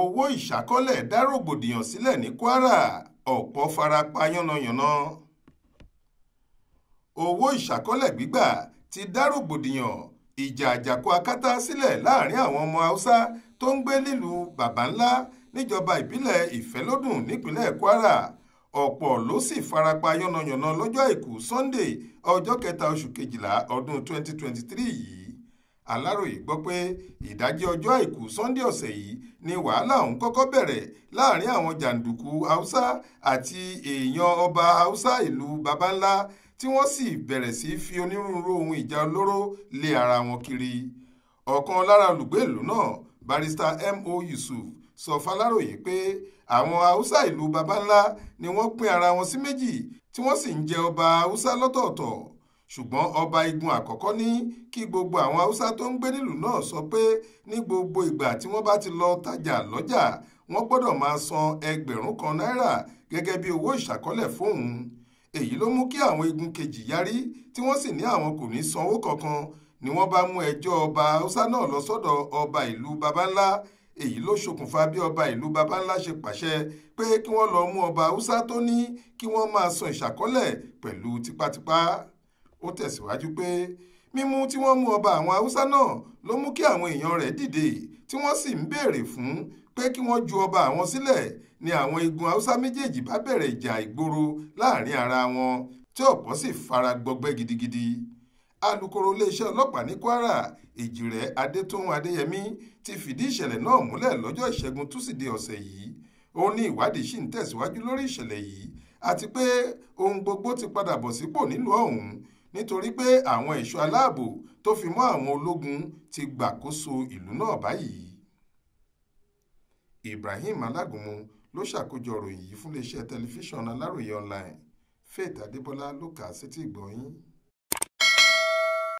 owó ìṣàkọlẹ̀ dá rògbòdìyàn sílẹ̀ ní kwara ọ̀pọ̀ farapa yánnayànna owó ìṣàkọlẹ̀ gbígbà ti dá rògbòdìyàn ìjà àjàkú akátá sílẹ̀ láàrin àwọn ọmọ haúsá tó ń gbé nílùú baba ńlá níjọba ìbílẹ̀ ìfẹ́lódùn nípínlẹ̀ kwara ọ̀pọ̀ ló sì farapa yánnayànna lọ́jọ́ àìkú sunday ọjọ́ kẹta oṣù kejìlá ọdún 2023 yìí aláròye gbọ́ pé ìdájí ọjọ́ àìkú sunday ọ̀sẹ̀ yìí ni wàhálà ọ̀hún kọ́kọ́ bẹ̀rẹ̀ láàrin àwọn jàǹdùkú haúsá àti èèyàn ọba haúsá ìlú babańlá tí wọ́n sì bẹ̀rẹ̀ sí fi onírúurú ohun ìjà olóró lé ara wọn kiri ọ̀kan lára olùgbé ìlú náà barista mo yusuf sọ faláròyé pé àwọn haúsá ìlú babańlá ni wọ́n pín ara wọn sí méjì tí wọ́n sì ń jẹ ọba haúsá lọ́tọ̀ọ̀tọ̀ ṣùgbọ́n ọba igun àkọ́kọ́ ní kí gbogbo àwọn haúsá tó ń gbé nílùú náà sọ pé ní gbogbo ìgbà tí wọ́n bá ti lọ tajà lọ́jà wọ́n gbọ́dọ̀ máa san ẹgbẹ̀rún kan náírà gẹ́gẹ́ bí owó ìṣàkọ́lẹ̀ fóun èyí ló mú kí àwọn igun kejì yarí tí wọ́n sì ní àwọn kò ní sanwó kankan ni wọ́n bá mú ẹjọ́ ọba haúsá náà lọ sọ́dọ̀ ọba ìlú babańlá èyí ló ṣokùnfà bí ọba ìlú babańlá ṣe pàṣẹ pé kí wọ́n lọ mú ọba haúsá tó ní kí wọ́n máa san ìṣàkọ́lẹ̀ pẹ̀lú tipátipá ó tẹ̀síwájú pé mímú tí wọ́n mú ọba àwọn haúsá náà ló mú kí àwọn èèyàn rẹ̀ dìde tí wọ́n sì ń béèrè fún pé kí wọ́n ju ọba àwọn sílẹ̀ ni àwọn igun haúsá méjèèjì bá bẹ̀rẹ̀ ìjà ìgboro láàrin ara wọn tí ọ̀pọ̀ sì fara gbọgbẹ́ gidigidi alukoro iléeṣẹ́ ọlọ́pàá ní kwara èjìrẹ́ adétóhùn adéyẹmí ti fìdí ìṣẹ̀lẹ̀ náà múlẹ̀ lọ́jọ́ ìṣẹ́gun túsìdeè ọ̀sẹ̀ yìí ó ní ìwádìí sì ń tẹ̀síwájú lórí ìṣẹ̀lẹ̀ yìí àti pé ohun gbogbo ti padà bọ̀ sípò nílùú ọ̀hún nítorí pé àwọn ẹ̀ṣọ́ aláàbò tó fi mọ́ àwọn ológun ti gbàkóso ìlú náà báyìí. Ibrahim Alágúnmu ló ṣàkójọ ròyìn yìí fún iléeṣẹ́ tẹlifíṣàn Aláròye online Faith Adébọlá ló kà á sétí ìgbọ́